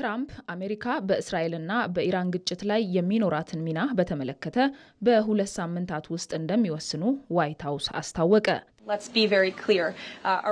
ትራምፕ አሜሪካ በእስራኤልና በኢራን ግጭት ላይ የሚኖራትን ሚና በተመለከተ በሁለት ሳምንታት ውስጥ እንደሚወስኑ ዋይት ሀውስ አስታወቀ። Uh,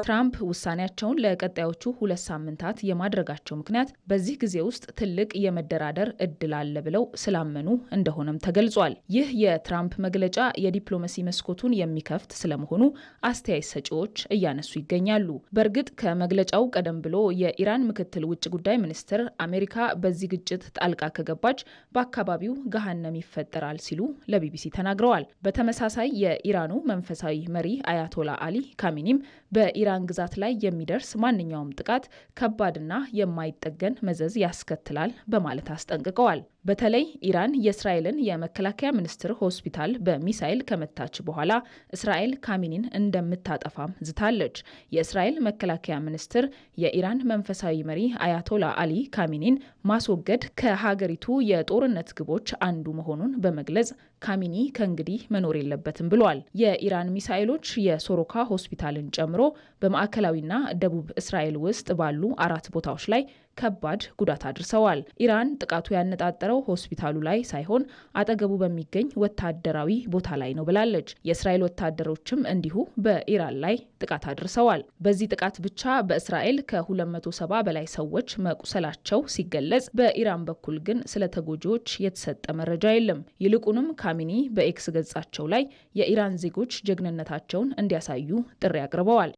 ትራምፕ ውሳኔያቸውን ለቀጣዮቹ ሁለት ሳምንታት የማድረጋቸው ምክንያት በዚህ ጊዜ ውስጥ ትልቅ የመደራደር እድል አለ ብለው ስላመኑ እንደሆነም ተገልጿል። ይህ የትራምፕ መግለጫ የዲፕሎማሲ መስኮቱን የሚከፍት ስለመሆኑ አስተያየት ሰጪዎች እያነሱ ይገኛሉ። በእርግጥ ከመግለጫው ቀደም ብሎ የኢራን ምክትል ውጭ ጉዳይ ሚኒስትር አሜሪካ በዚህ ግጭት ጣልቃ ከገባች በአካባቢው ገሃነም ይፈጠራል ሲሉ ለቢቢሲ ተናግረዋል። በተመሳሳይ የኢራኑ መንፈሳዊ መሪ አያቶ አያቶላ አሊ ካሚኒም በኢራን ግዛት ላይ የሚደርስ ማንኛውም ጥቃት ከባድና የማይጠገን መዘዝ ያስከትላል በማለት አስጠንቅቀዋል። በተለይ ኢራን የእስራኤልን የመከላከያ ሚኒስትር ሆስፒታል በሚሳይል ከመታች በኋላ እስራኤል ካሚኒን እንደምታጠፋም ዝታለች። የእስራኤል መከላከያ ሚኒስትር የኢራን መንፈሳዊ መሪ አያቶላ አሊ ካሚኒን ማስወገድ ከሀገሪቱ የጦርነት ግቦች አንዱ መሆኑን በመግለጽ ካሚኒ ከእንግዲህ መኖር የለበትም ብሏል። የኢራን ሚሳይሎች የሶሮካ ሆስፒታልን ጨምሮ በማዕከላዊና ደቡብ እስራኤል ውስጥ ባሉ አራት ቦታዎች ላይ ከባድ ጉዳት አድርሰዋል። ኢራን ጥቃቱ ያነጣጠረው ሆስፒታሉ ላይ ሳይሆን አጠገቡ በሚገኝ ወታደራዊ ቦታ ላይ ነው ብላለች። የእስራኤል ወታደሮችም እንዲሁ በኢራን ላይ ጥቃት አድርሰዋል። በዚህ ጥቃት ብቻ በእስራኤል ከ270 በላይ ሰዎች መቁሰላቸው ሲገለጽ፣ በኢራን በኩል ግን ስለ ተጎጂዎች የተሰጠ መረጃ የለም። ይልቁንም ካሚኒ በኤክስ ገጻቸው ላይ የኢራን ዜጎች ጀግንነታቸውን እንዲያሳዩ ጥሪ አቅርበዋል።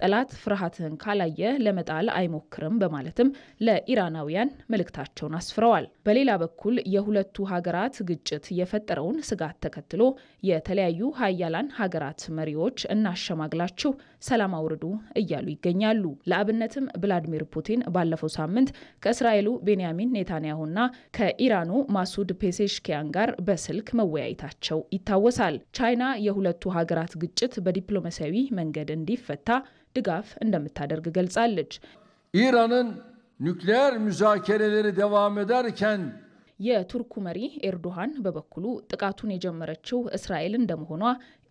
ጠላት ፍርሃትህን ካላየ ለመጣል አይሞክርም በማለትም ለኢራናውያን መልእክታቸውን አስፍረዋል። በሌላ በኩል የሁለቱ ሀገራት ግጭት የፈጠረውን ስጋት ተከትሎ የተለያዩ ሀያላን ሀገራት መሪዎች እናሸማግላችሁ ሰላም አውርዱ እያሉ ይገኛሉ። ለአብነትም ቭላዲሚር ፑቲን ባለፈው ሳምንት ከእስራኤሉ ቤንያሚን ኔታንያሁና ከኢራኑ ማሱድ ፔሴሽኪያን ጋር በስልክ መወያየታቸው ይታወሳል። ቻይና የሁለቱ ሀገራት ግጭት በዲፕሎማሲያዊ መንገድ እንዲፈታ ድጋፍ እንደምታደርግ ገልጻለች። ኢራንን nükleer müzakereleri devam ederken የቱርኩ መሪ ኤርዶሃን በበኩሉ ጥቃቱን የጀመረችው እስራኤል እንደመሆኗ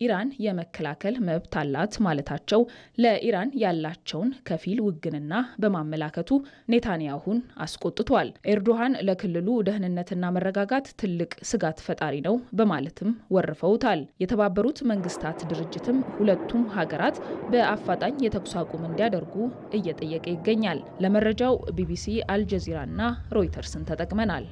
ኢራን የመከላከል መብት አላት ማለታቸው ለኢራን ያላቸውን ከፊል ውግንና በማመላከቱ ኔታንያሁን አስቆጥቷል። ኤርዶሃን ለክልሉ ደህንነትና መረጋጋት ትልቅ ስጋት ፈጣሪ ነው በማለትም ወርፈውታል። የተባበሩት መንግስታት ድርጅትም ሁለቱም ሀገራት በአፋጣኝ የተኩስ አቁም እንዲያደርጉ እየጠየቀ ይገኛል። ለመረጃው ቢቢሲ፣ አልጀዚራና ሮይተርስን ተጠቅመናል።